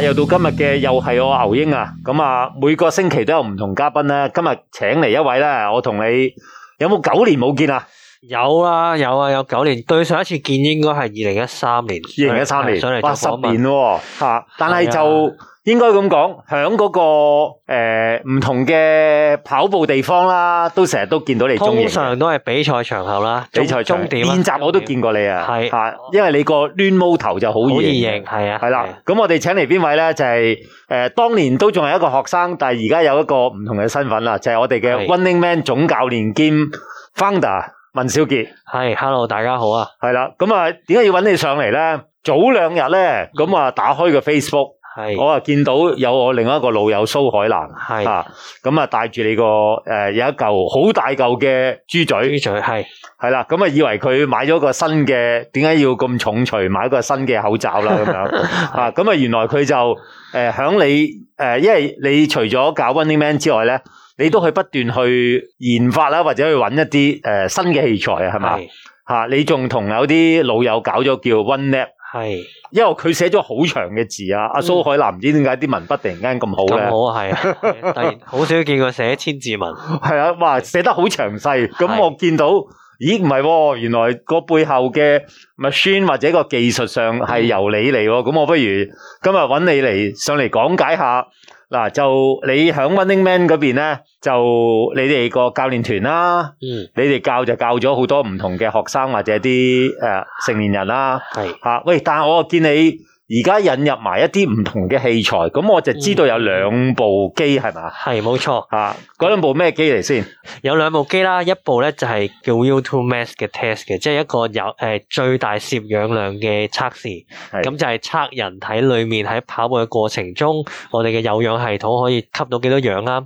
又到今日嘅，又係我牛英啊！咁啊，每個星期都有唔同嘉賓咧、啊。今日請嚟一位咧，我同你有冇九年冇見啊？有啊，有啊，有九年。對上一次見應該係二零一三年，二零一三年，八、嗯、十年喎吓、啊。但係就。應該咁講，響嗰、那個唔、呃、同嘅跑步地方啦，都成日都見到你的。通常都係比賽場合啦，比賽場合練習中、啊、我都見過你啊，係是，因為你個攣毛頭就很容易好容易形，係啊，係啦。咁我哋請嚟邊位呢？就係、是、誒、呃，當年都仲係一個學生，但係而家有一個唔同嘅身份啦，就係、是、我哋嘅 Running Man 總教練兼 Founder 文少杰。啊、Hello 大家好啊。係啦，咁啊，點解要揾你上嚟呢？早兩日呢，咁啊，打開,打開個 Facebook。是我啊見到有我另外一個老友蘇海蘭，是啊咁啊帶住你個誒、呃、有一嚿好大嚿嘅豬嘴，豬嘴係係啦，咁啊以為佢買咗個新嘅，點解要咁重錘買一個新嘅口罩啦咁樣 啊？咁啊原來佢就誒響你誒，因為你除咗搞 Running Man 之外咧，你都去不斷去研發啦、啊，或者去揾一啲誒、呃、新嘅器材是啊，係咪吓？你仲同有啲老友搞咗叫，叫 one n a b 係，因為佢寫咗好長嘅字啊！阿蘇、嗯、海南唔知點解啲文筆突然間咁好咧，咁好係、係啊，突然好少見過寫千字文，係 啊，哇，寫得好詳細，咁我見到。咦，唔係喎，原來個背後嘅 machine 或者個技術上係由你嚟，咁、嗯、我不如今日揾你嚟上嚟講解下。嗱、啊，就你響 Running Man 嗰邊咧，就你哋個教練團啦、啊，嗯、你哋教就教咗好多唔同嘅學生或者啲誒、呃、成年人啦、啊，係吓是，喂、啊，但係我見你。而家引入埋一啲唔同嘅器材，咁我就知道有兩部機係嘛？係冇錯。嚇吧，嗰兩、啊、部咩機嚟先？有兩部機啦，一部咧就係叫 VO2max 嘅 test 嘅，即係一個有誒、呃、最大攝氧量嘅測試，咁是就係測人體裏面喺跑步嘅過程中，我哋嘅有氧系統可以吸到幾多氧啦、啊。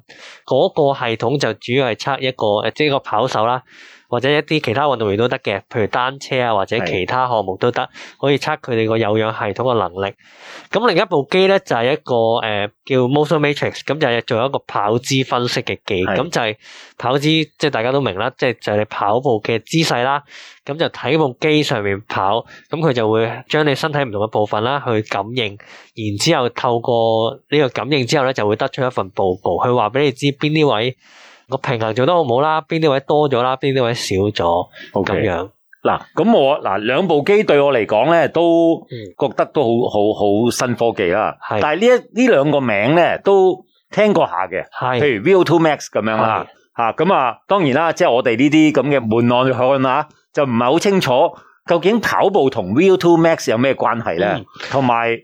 嗰、那個系統就主要係測一個誒，即係個跑手啦。或者一啲其他運動員都得嘅，譬如單車啊或者其他項目都得，可以測佢哋個有氧系統嘅能力。咁另一部機咧就係、是、一個誒、呃、叫 Motion Metrix，咁就係做一個跑姿分析嘅機。咁是的 就係跑姿，即係大家都明啦，即係就係、是、你跑步嘅姿勢啦。咁就喺部機上面跑，咁佢就會將你身體唔同嘅部分啦去感應，然之後透過呢個感應之後咧就會得出一份報告，佢話俾你知邊啲位。個平衡做得好唔好啦？邊啲位多咗啦？邊啲位少咗？咁 Okay. 樣嗱，咁我嗱兩部機對我嚟講咧，都覺得都好好好新科技啦。是但係呢一呢兩個名咧，都聽過下嘅。係是，譬如 VO2 Max 咁樣是啊，吓咁啊。當然啦，即係我哋呢啲咁嘅門外漢啊，就唔係好清楚究竟跑步同 VO2 Max 有咩關係咧？同埋是。嗯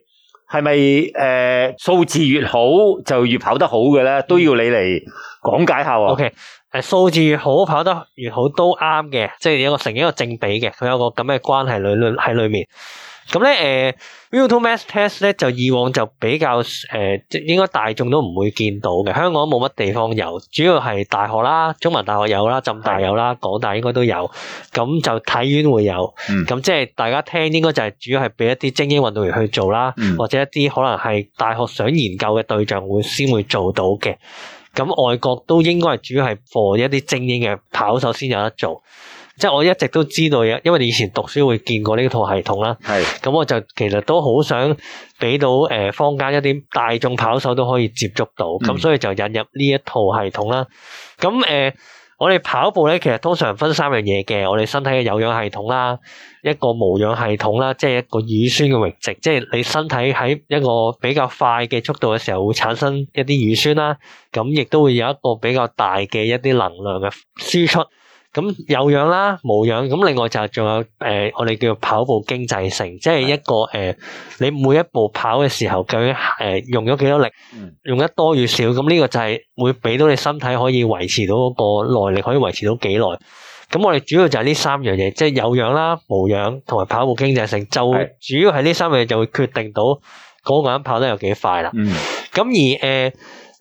係咪誒數字越好就越跑得好嘅咧？都要你嚟講解下喎。OK。係數字越好，跑得越好都啱嘅。即係一個成一個正比嘅，佢有個咁嘅關係裏裏喺裏面。咁咧，誒、呃、VO2max test 咧就以往就比較誒、呃，應該大眾都唔會見到嘅，香港冇乜地方有，主要係大學啦，中文大學有啦，浸大有啦，是港大應該都有。咁就體院會有。咁、嗯、即係大家聽，應該就係主要係俾一啲精英運動員去做啦，嗯、或者一啲可能係大學想研究嘅對象會先會做到嘅。咁外國都應該係主要係 for 一啲精英嘅跑手先有得做，即係我一直都知道嘅，因為以前讀書會見過呢套系統啦。係，咁我就其實都好想俾到誒坊間一啲大眾跑手都可以接觸到，咁所以就引入呢一套系統啦。咁誒。我哋跑步咧，其實通常分三樣嘢嘅，我哋身體嘅有氧系統啦，一個無氧系統啦，即係一個乳酸嘅域值，即係你身體喺一個比較快嘅速度嘅時候，會產生一啲乳酸啦，咁亦都會有一個比較大嘅一啲能量嘅輸出。咁有氧啦，無氧，咁另外就係仲有誒、呃，我哋叫跑步經濟性，即係一個誒、呃，你每一步跑嘅時候，究竟誒用咗幾多力，用得多與少，咁呢個就係會俾到你身體可以維持到嗰個耐力，可以維持到幾耐。咁我哋主要就係呢三樣嘢，即係有氧啦、無氧同埋跑步經濟性，就主要係呢三樣嘢就會決定到嗰個人跑得有幾快啦。嗯咁而誒、呃、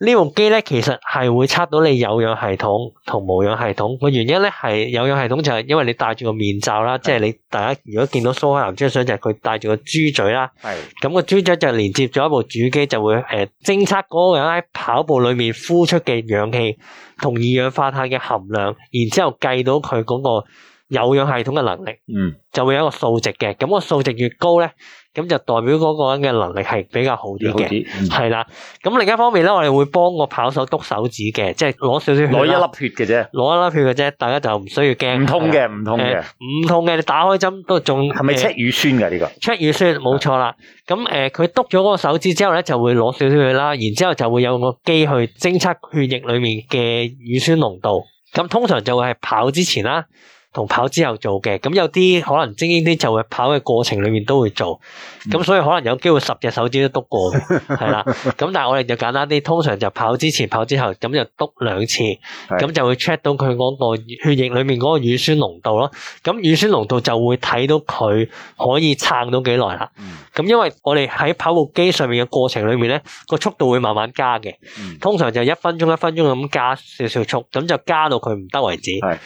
呢部機咧，其實係會測到你有氧系統同無氧系統個原因咧，係有氧系統就係因為你戴住個面罩啦，是的 即係你大家如果見到蘇海蘭張相就係佢戴住個豬嘴啦，係咁個豬嘴就連接咗一部主機，就會誒偵測嗰個人喺跑步裏面呼出嘅氧氣同二氧化碳嘅含量，然之後計到佢嗰個有氧系統嘅能力，嗯，就會有一個數值嘅，咁個數值越高咧，咁就代表嗰個人嘅能力係比較好啲嘅，係啦。咁、嗯、另一方面咧，我哋會幫個跑手督手指嘅，即係攞少少血，攞一粒血嘅啫，攞一粒血嘅啫，大家就唔需要驚。唔痛嘅，唔痛嘅，唔、呃、痛嘅。你打開針都仲係咪 check 乳酸噶呢個？check 乳酸冇錯啦。咁誒，佢督咗嗰個手指之後咧，就會攞少少血啦，然之後就會有個機去偵測血液裏面嘅乳酸濃度。咁通常就會係跑之前啦，同跑之後做嘅，咁有啲可能精英啲就會跑嘅過程裏面都會做，咁、嗯、所以可能有機會十隻手指都篤過，係啦。 咁但係我哋就簡單啲，通常就跑之前、跑之後，咁就篤兩次，咁是的 就會 check 到佢嗰個血液裏面嗰個乳酸濃度咯。咁乳酸濃度就會睇到佢可以撐到幾耐啦。咁、嗯、因為我哋喺跑步機上面嘅過程裏面咧，個速度會慢慢加嘅，通常就一分鐘一分鐘咁加少少速，咁就加到佢唔得為止。嗯嗯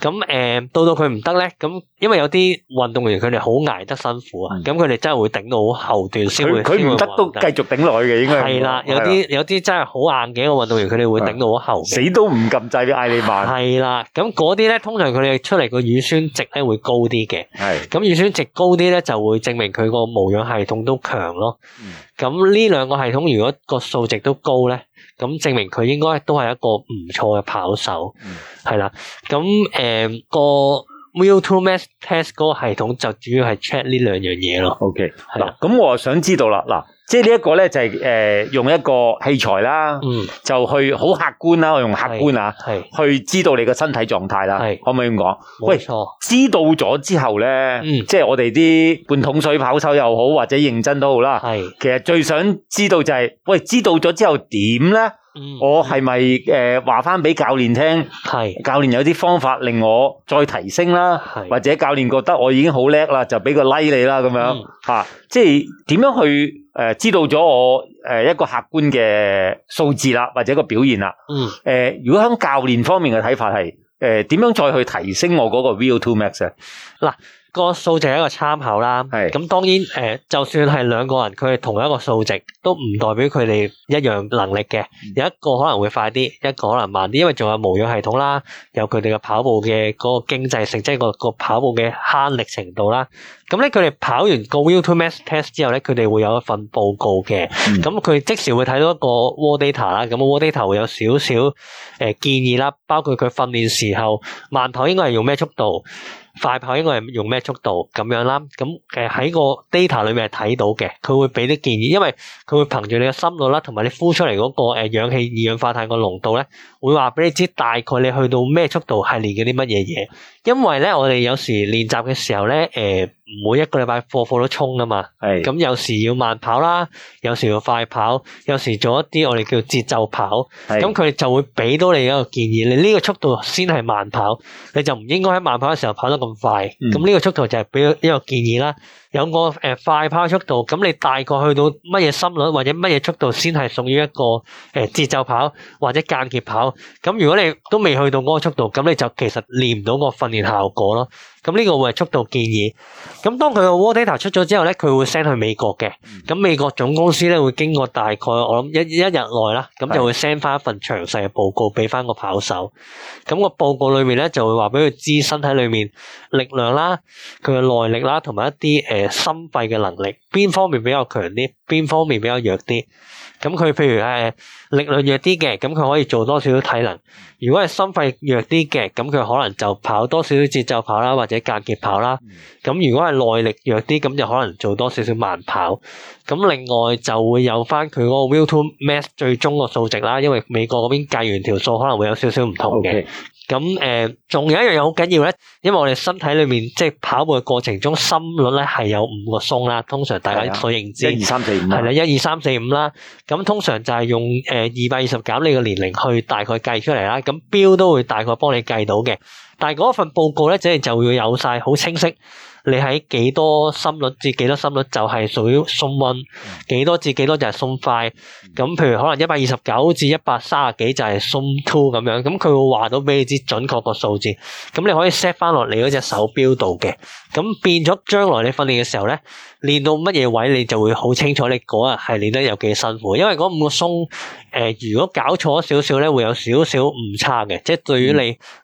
咁誒，到到佢唔得咧，咁因為有啲運動員佢哋好捱得辛苦啊，咁佢哋真係會頂到好後段先會先會話。佢佢唔得都繼續頂落去嘅，應該係啦。有啲有啲真係好硬頸嘅運動員，佢哋會頂到好後。死都唔撳掣嘅艾利曼。係啦，咁嗰啲咧，通常佢哋出嚟個乳酸值，咧會高啲嘅。係。咁乳酸值高啲咧，就會證明佢個無氧系統都強咯。嗯。咁呢兩個系統，如果個數值都高咧？咁證明佢應該都係一個唔錯嘅跑手，係啦、嗯。咁誒、呃那個。Motion Metrix test 個系統就主要係 check 呢兩樣嘢咯。OK，係啦的。咁我啊想知道啦，嗱，即係呢一個咧就係、是、誒、呃、用一個器材啦，嗯，就去好客觀啦，我用客觀啊，係去知道你個身體狀態啦，係是可唔可以咁講？冇錯錯。知道咗之後咧，嗯，即係我哋啲半桶水跑手又好，或者認真都好啦，係是。是其實最想知道就係、是，喂，知道咗之後點咧？嗯、我係咪誒話翻俾教練聽？係是教練有啲方法令我再提升啦，是或者教練覺得我已經好叻啦，就俾個 like 你啦咁樣吓、嗯啊，即係點樣去誒、呃、知道咗我誒、呃、一個客觀嘅數字啦，或者個表現啦？誒、嗯呃，如果喺教練方面嘅睇法係誒點樣再去提升我嗰個 VO2max 嗱。個數值係一個參考啦，咁當然誒，就算係兩個人佢係同一個數值，都唔代表佢哋一樣能力嘅。有一個可能會快啲，一個可能慢啲，因為仲有無氧系統啦，有佢哋嘅跑步嘅個經濟性，即係個個跑步嘅慳力程度啦。咁咧，佢哋跑完個 VO2max Test 之後咧，佢哋會有一份報告嘅。咁佢即時會睇到一個 Word Data 啦，咁 Word Data 會有少少誒建議啦，包括佢訓練時候慢跑應該係用咩速度。快跑應該係用咩速度咁樣啦？咁其實喺個 data 裏面係睇到嘅，佢會俾啲建議，因為佢會憑住你嘅心率啦，同埋你呼出嚟嗰個誒氧氣、二氧化碳個濃度咧，會話俾你知大概你去到咩速度係練緊啲乜嘢嘢。因為咧，我哋有時練習嘅時候咧，誒、呃，每一個禮拜課課都衝㗎嘛，咁是的 有時要慢跑啦，有時要快跑，有時做一啲我哋叫節奏跑，咁佢是的 就會俾到你一個建議，你呢個速度先係慢跑，你就唔應該喺慢跑嘅時候跑得咁快，咁呢、嗯、個速度就係俾一個建議啦。有個誒快跑速度，咁你大概去到乜嘢心率或者乜嘢速度先係屬於一個誒節奏跑或者間歇跑？咁如果你都未去到嗰個速度，咁你就其實練唔到個訓練效果咯。咁呢個會係速度建議。咁當佢個 water 出咗之後咧，佢會 send 去美國嘅。咁美國總公司咧會經過大概我諗一一日內啦，咁就會 send 翻一份詳細嘅報告俾翻個跑手。咁個報告裏面咧就會話俾佢知身體裏面力量啦、佢嘅耐力啦，同埋一啲誒心肺嘅能力，邊方面比較強啲，邊方面比較弱啲。咁佢譬如誒力量弱啲嘅，咁佢可以做多少少體能；如果係心肺弱啲嘅，咁佢可能就跑多少少節奏跑啦，或，或者間歇跑啦，咁如果係耐力弱啲，咁就可能做多少少慢跑。咁另外就會有翻佢嗰個 VO2max 最終個數值啦，因為美國嗰邊計完條數可能會有少少唔同嘅。咁誒，仲有一樣嘢好緊要咧，因為我哋身體裏面即係跑步嘅過程中，心率咧係有五個數啦。通常大家所認知一二三四五啦，一二三四五啦。咁通常就係用誒二百二十減你嘅年齡去大概計出嚟啦。咁錶都會大概幫你計到嘅。但係嗰一份報告咧，即係就要有晒好清晰。你喺幾多心率至幾多心率就係屬於松 one，幾多至幾多就係松 five。咁譬如可能一百二十九至一百三十幾就係松 two 咁樣。咁佢會話到俾你知準確個數字。咁你可以 set 翻落你嗰隻手錶度嘅。咁變咗將來你訓練嘅時候咧，練到乜嘢位你就會好清楚你嗰日係練得有幾辛苦。因為嗰五個松誒、呃，如果搞錯少少咧，會有少少誤差嘅。即係對於你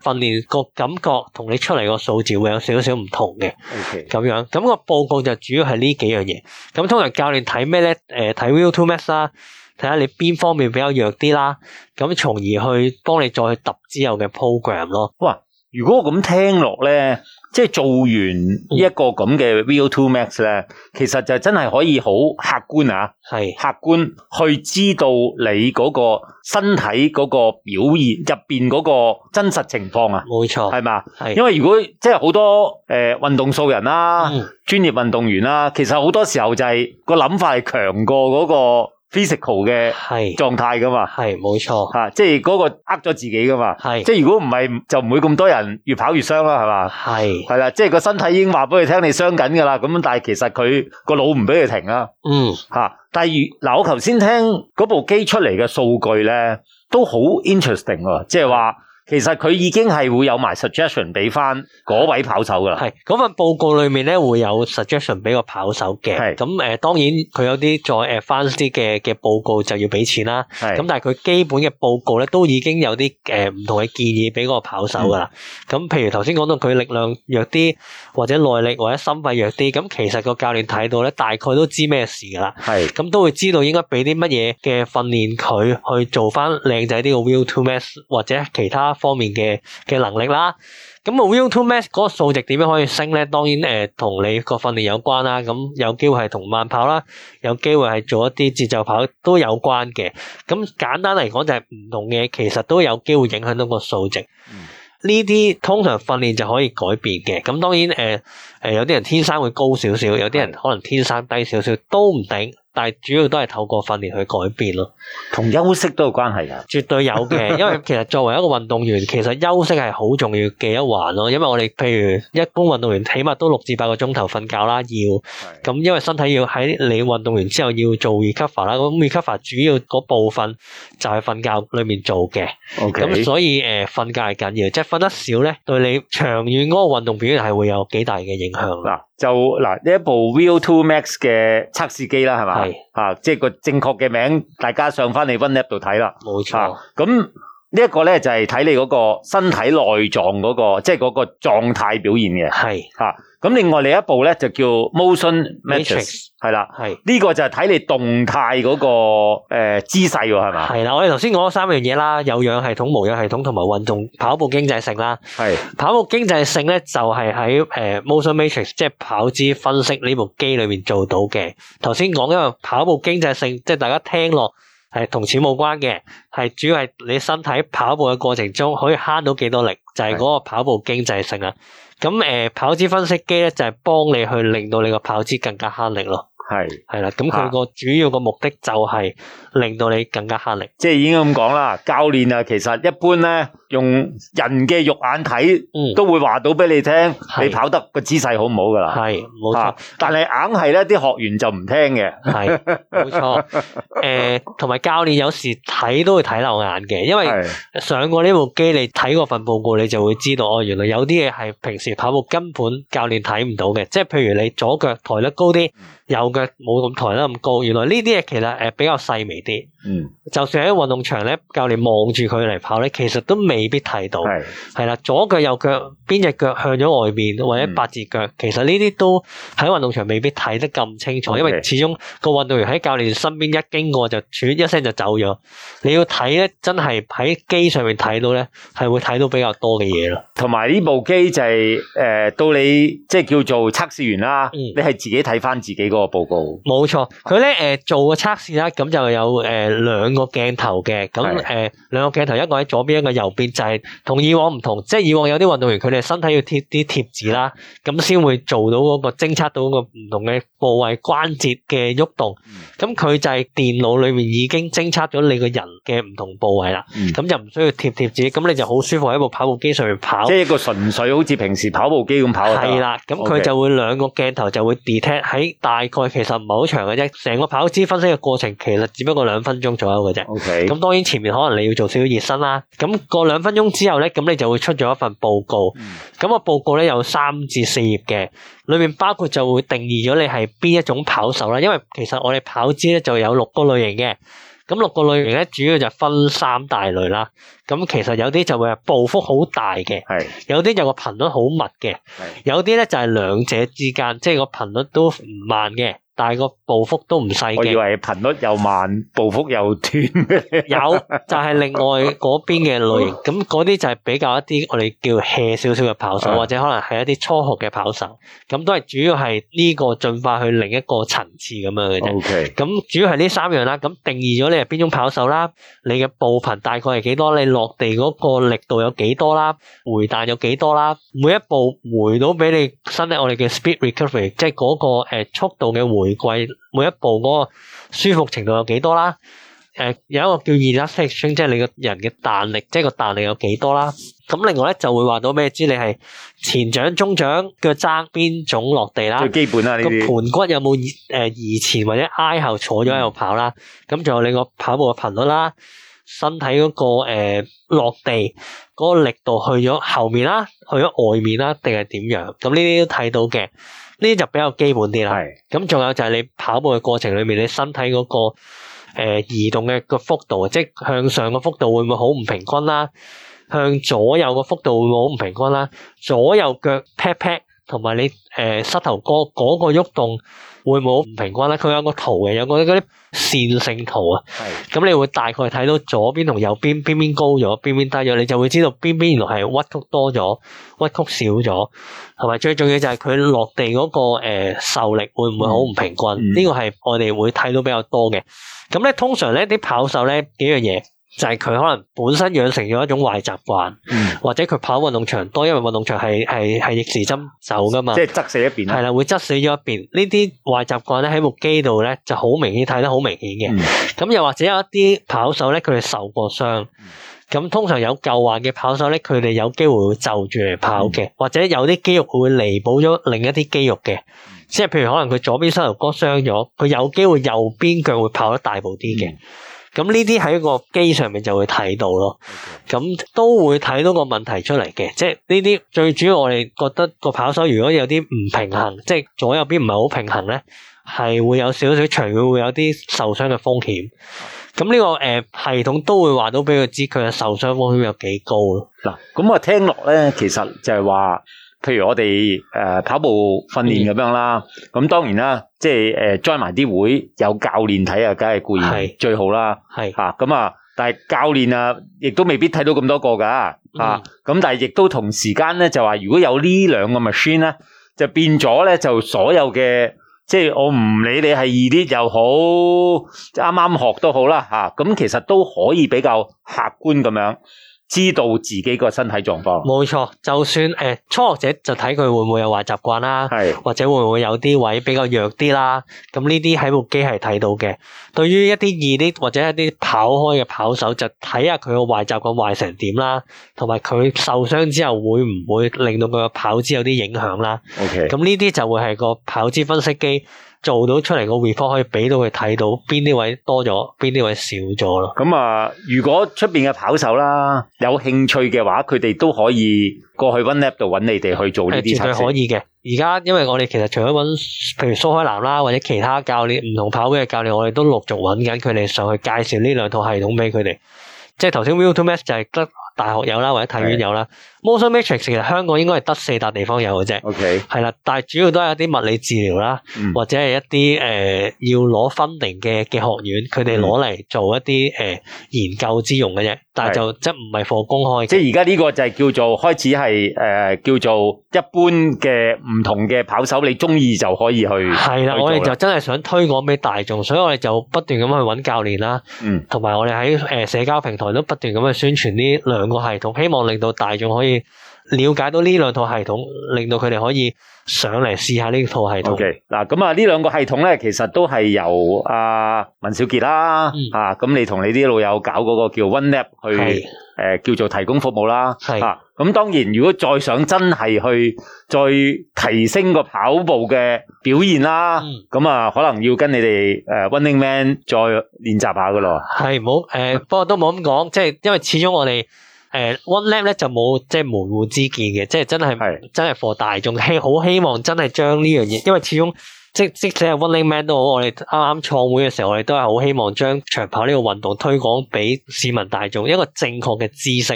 訓練個感覺同你出嚟個數字會有少少唔同嘅。嗯嗯。咁樣，咁、咁個報告就主要係呢幾樣嘢。咁通常教練睇咩咧？誒、呃，睇 VO2max 啦，睇下你邊方面比較弱啲啦，咁從而去幫你再去揼之後嘅 program 咯。哇！如果我咁聽落咧，即係做完一個咁嘅 VO2max 咧、嗯，其實就真係可以好客觀啊，係是客觀去知道你嗰個身體嗰個表現入邊嗰個真實情況啊，冇錯，係嘛，係因為如果即係好多誒運、呃、動素人啦、啊，專、嗯、業運動員啦、啊，其實好多時候就係個諗法係強過嗰、那個。physical 嘅狀態噶嘛，係冇錯吓，即係嗰個呃咗自己噶嘛，是 即係如果唔係就唔會咁多人越跑越傷啦，係嘛，係係啦，即係個身體已經話俾佢聽你傷緊噶啦，咁但係其實佢個腦唔俾佢停啦，嗯吓、啊，但係嗱我頭先聽嗰部機出嚟嘅數據咧，都好 interesting 喎，即係話。其實佢已經係會有埋 suggestion 俾翻嗰位跑手噶啦，係嗰份報告裏面咧會有 suggestion 俾個跑手嘅，咁誒當然佢有啲再 advanced 啲嘅嘅報告就要俾錢啦，咁但係佢基本嘅報告咧都已經有啲誒唔同嘅建議俾個跑手噶啦，咁譬如頭先講到佢力量弱啲或者耐力或者心肺弱啲，咁其實個教練睇到咧大概都知咩事噶啦，係咁都會知道應該俾啲乜嘢嘅訓練佢去做翻靚仔呢嘅 VO2max 或者其他。方面嘅嘅能力啦，咁我 VO2max 嗰個數值點樣可以升咧？當然誒，同、呃、你個訓練有關啦。咁有機會係同慢跑啦，有機會係做一啲節奏跑都有關嘅。咁簡單嚟講就係唔同嘅，其實都有機會影響到個數值。呢啲、嗯、通常訓練就可以改變嘅。咁當然誒誒、呃，有啲人天生會高少少，有啲人可能天生低少少，都唔定。但係主要都係透過訓練去改變咯，同休息都有關係㗎？絕對有嘅，因為其實作為一個運動員，其實休息係好重要嘅一環咯。因為我哋譬如一般運動員，起碼都六至八個鐘頭瞓覺啦，要咁因為身體要喺你運動完之後要做 recover 啦。咁 recover 主要嗰部分就係瞓覺裏面做嘅。OK。咁所以誒瞓覺係緊要，即係瞓得少咧，對你長遠嗰個運動表現係會有幾大嘅影響。嗱。就嗱呢一部 VO2max 嘅測試機啦，係嘛？是 啊，即係個正確嘅名，大家上翻嚟 One App 度睇啦。冇錯，啊呢一個咧就係睇你嗰個身體內臟嗰個，即係嗰個狀態表現嘅。係吓是，咁另外另一部咧就叫 Motion Metrix，係啦，係呢個就係睇你動態嗰個誒姿勢喎，係嘛？係啦，我哋頭先講咗三樣嘢啦，有氧系統、無氧系統同埋運動跑步經濟性啦。係是跑步經濟性咧，就係喺誒 Motion Metrix，即係跑姿分析呢部機裏面做到嘅。頭先講一個跑步經濟性，即係大家聽落。係同錢冇關嘅，係主要係你身體跑步嘅過程中可以慳到幾多力，就係、是、嗰個跑步經濟性啊。咁誒、呃、跑姿分析機咧，就係、是、幫你去令到你個跑姿更加慳力咯。係係啦，咁佢個主要個目的就係令到你更加慳力，即係已經咁講啦。教練啊，其實一般咧用人嘅肉眼睇，嗯、都會話到俾你聽，的你跑得個姿勢好唔好噶啦。係冇錯，啊、但係硬係咧，啲學員就唔聽嘅。係冇錯，誒、 呃，同埋教練有時睇都會睇漏眼嘅，因為上過呢部機，你睇嗰份報告，你就會知道哦。原來有啲嘢係平時跑步根本教練睇唔到嘅，即係譬如你左腳抬得高啲，右。冇咁抬得咁高，原來呢啲嘢，其實誒比較細微啲。嗯，就算喺運動場咧，教練望住佢嚟跑咧，其實都未必睇到。係係啦，左腳右腳，邊隻腳向咗外面，或者八字腳，嗯、其實呢啲都喺運動場未必睇得咁清楚，嗯、因為始終個運動員喺教練身邊一經過就喘一聲就走咗。你要睇咧，真係喺機上面睇到咧，係會睇到比較多嘅嘢咯。同埋呢部機就係誒，到你即係叫做測試完啦，你係自己睇翻自己嗰個報。冇錯，佢咧誒做個測試啦，咁就有誒、呃、兩個鏡頭嘅，咁誒是的、呃、兩個鏡頭一個喺左邊，一個喺右邊，就係、是、同以往唔同，即係以往有啲運動員佢哋身體要貼啲貼紙啦，咁先會做到嗰、那個偵測到個唔同嘅。部位關節嘅喐動，咁佢、嗯、就係電腦裏面已經偵測咗你個人嘅唔同部位啦，咁、嗯、就唔需要貼貼紙，咁你就好舒服喺部跑步機上面跑。即係一個純粹好似平時跑步機咁跑。係啦了，咁佢、嗯、就會兩個鏡頭就會 detect 喺大概其實唔係好長嘅啫，成個跑姿分析嘅過程其實只不過兩分鐘左右嘅啫。O K，咁當然前面可能你要做少少熱身啦，咁過兩分鐘之後咧，咁你就會出咗一份報告。嗯咁個報告咧有三至四頁嘅，裏面包括就會定義咗你係邊一種跑手啦。因為其實我哋跑姿咧就有六個類型嘅，咁六個類型咧主要就分三大類啦。咁其實有啲就會係步幅好大嘅，係；有啲就個頻率好密嘅，有啲咧就係兩者之間，即係個頻率都唔慢嘅。但係個步幅都唔細嘅，我以為頻率又慢，步幅又短。有就係另外嗰邊嘅類型，咁嗰啲就係比較一啲我哋叫 hea 少少嘅跑手，或者可能係一啲初學嘅跑手，咁都係主要係呢個進化去另一個層次咁樣嘅啫。Ok。咁主要係呢三樣啦，咁定義咗你係邊種跑手啦，你嘅步頻大概係幾多，你落地嗰個力度有幾多啦，回彈有幾多啦，每一步回到俾你身體我哋嘅 speed recovery，即係嗰個誒速度嘅回。每季，每一步嗰個舒服程度有幾多啦、啊？誒、呃，有一個叫 elasticity，即係你個人嘅彈力，即、就、係、是、個彈力有幾多啦、啊？咁另外咧就會話到咩？知你係前掌、中掌腳踭邊種落地啦、啊？最基本啦呢啲。個盤骨有冇誒移前或者挨後坐咗喺度跑啦、啊？咁仲、嗯、有你個跑步嘅頻率啦、啊，身體嗰、那個誒、呃、落地嗰個力度去咗後面啦、啊，去咗外面啦、啊，定係點樣？咁呢啲都睇到嘅。呢啲就比較基本啲啦。係，咁仲有就係你跑步嘅過程裏面，你身體嗰個誒移動嘅個幅度，即係向上個幅度會唔會好唔平均啦？向左右個幅度會唔會好唔平均啦？左右腳 pat pat。同埋你誒、呃，膝頭哥嗰個喐動會唔會好唔平均咧？佢有個圖嘅，有個啲線性圖啊。係是。咁你會大概睇到左邊同右邊邊邊高咗，邊邊低咗，你就會知道邊邊原來係屈曲多咗，屈曲少咗。同埋最重要就係佢落地嗰、嗰個誒、呃、受力會唔會好唔平均？呢、嗯嗯、個係我哋會睇到比較多嘅。咁咧通常咧啲跑手咧幾樣嘢。就係佢可能本身養成咗一種壞習慣，嗯、或者佢跑運動場多，因為運動場係係係逆時針走噶嘛，即係側死一邊，係啦，會側死咗一邊。呢啲壞習慣咧喺部機度咧就好明顯睇得好明顯嘅。咁、嗯、又或者有一啲跑手咧，佢哋受過傷，咁、嗯、通常有舊患嘅跑手咧，佢哋有機會會就住嚟跑嘅，嗯、或者有啲肌肉會彌補咗另一啲肌肉嘅，嗯、即係譬如可能佢左邊膝頭哥傷咗，佢有機會右邊腳會跑得大步啲嘅。嗯。咁呢啲喺個機上面就會睇到咯，咁都會睇到個問題出嚟嘅，即係呢啲最主要我哋覺得個跑手如果有啲唔平衡，嗯、即係左右邊唔係好平衡咧，係會有少少長遠會有啲受傷嘅風險。咁呢、嗯、個誒系統都會話到俾佢知佢嘅受傷風險有幾高咯。嗱，咁啊聽落咧，其實就係話。譬如我哋誒跑步訓練咁樣啦，咁、嗯、當然啦，即係誒 join 埋啲會，有教練睇啊，梗係固然最好啦。係吓咁啊，但係教練啊，亦都未必睇到咁多個噶吓，咁、啊、但係亦都同時間咧，就話如果有呢兩個 machine 咧，就變咗咧，就所有嘅即係我唔理你係二啲又好，即係啱啱學都好啦吓，咁、啊、其實都可以比較客觀咁樣。知道自己個身體狀況，冇錯。就算誒、呃、初學者就睇佢會唔會有壞習慣啦，是或者會唔會有啲位比較弱啲啦。咁呢啲喺部機係睇到嘅。對於一啲二啲或者一啲跑開嘅跑手，就睇下佢個壞習慣壞成點啦，同埋佢受傷之後會唔會令到佢個跑姿有啲影響啦。OK，咁呢啲就會係個跑姿分析機。做到出嚟個 report 可以俾到佢睇到邊啲位多咗，邊啲位少咗咯。咁啊、嗯，如果出邊嘅跑手啦，有興趣嘅話，佢哋都可以過去 OneLab 度揾你哋去做呢啲測試。絕對可以嘅。而家因為我哋其實除咗搵，譬如蘇海南啦，或者其他教練，唔同跑會嘅教練，我哋都陸續揾緊佢哋上去介紹呢兩套系統俾佢哋。即係頭先 VO2max 就係得。大學有啦，或者體院有啦。的 Motion Metrix 其實香港應該係得四笪地方有嘅啫。OK 係啦，但係主要都係一啲物理治療啦，嗯、或者係一啲誒、呃、要攞 funding 嘅嘅學院，佢哋攞嚟做一啲誒、呃、研究之用嘅啫。但係就即係唔係放公開。即係而家呢個就係叫做開始係誒、呃、叫做一般嘅唔同嘅跑手，你中意就可以去。係啦，我哋就真係想推廣俾大眾，所以我哋就不斷咁去搵教練啦，嗯，同埋我哋喺誒社交平台都不斷咁去宣傳呢兩。個系統，希望令到大眾可以了解到呢兩套系統，令到佢哋可以上嚟試下呢套系統。嗱，咁啊，呢兩個系統咧，其實都係由阿、啊、文少杰啦，嗯、啊，咁你同你啲老友搞嗰個叫 OneApp 去誒是、呃，叫做提供服務啦。係是啊，咁當然，如果再想真係去再提升個跑步嘅表現啦，咁、嗯、啊，可能要跟你哋誒 Running Man 再練習下噶咯。係，唔好誒，不過都冇咁講，即係因為始終我哋。誒 OneLab 咧，就冇即係門戶之見嘅，即係真係的真係 for 大眾希好希望真係將呢樣嘢，因為始終即即使係 OneLab 都好，我哋啱啱創會嘅時候，我哋都係好希望將長跑呢個運動推廣俾市民大眾一個正確嘅知識。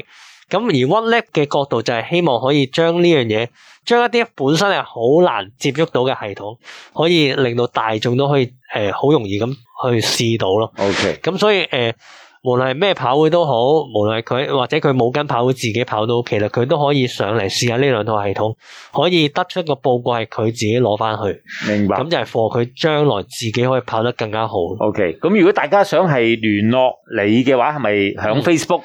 咁而 OneLab 嘅角度就係希望可以將呢樣嘢，將一啲本身係好難接觸到嘅系統，可以令到大眾都可以誒好、呃、容易咁去試到咯。OK，咁所以誒。呃無論係咩跑會都好，無論係佢或者佢冇跟跑會自己跑到，其實佢都可以上嚟試下呢兩套系統，可以得出個報告係佢自己攞翻去。明白，咁就係貨佢將來自己可以跑得更加好。OK，咁如果大家想係聯絡你嘅話，係咪響 Facebook？嗯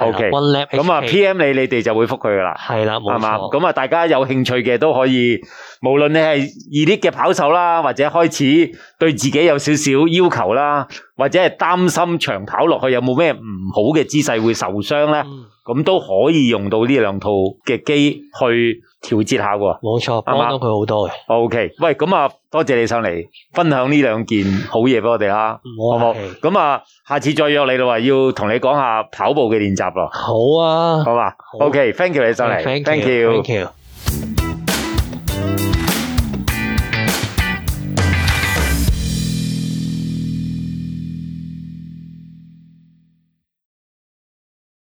O K，咁啊 P M 你，你哋就會覆佢噶啦，係啦、啊，冇錯，咁啊大家有興趣嘅都可以，無論你係 elite 嘅跑手啦，或者開始對自己有少少要求啦，或者係擔心長跑落去有冇咩唔好嘅姿勢會受傷咧。嗯咁都可以用到呢兩套嘅機去調節下嘅。冇錯，幫到佢好多嘅。OK，喂，咁啊，多謝你上嚟分享呢兩件好嘢俾我哋啦， 好唔好？咁是啊，下次再約你啦，話要同你講下跑步嘅練習咯。好啊，好嘛吧。啊、OK，Thank、okay. you 你上嚟、yeah,，Thank you。Thank you.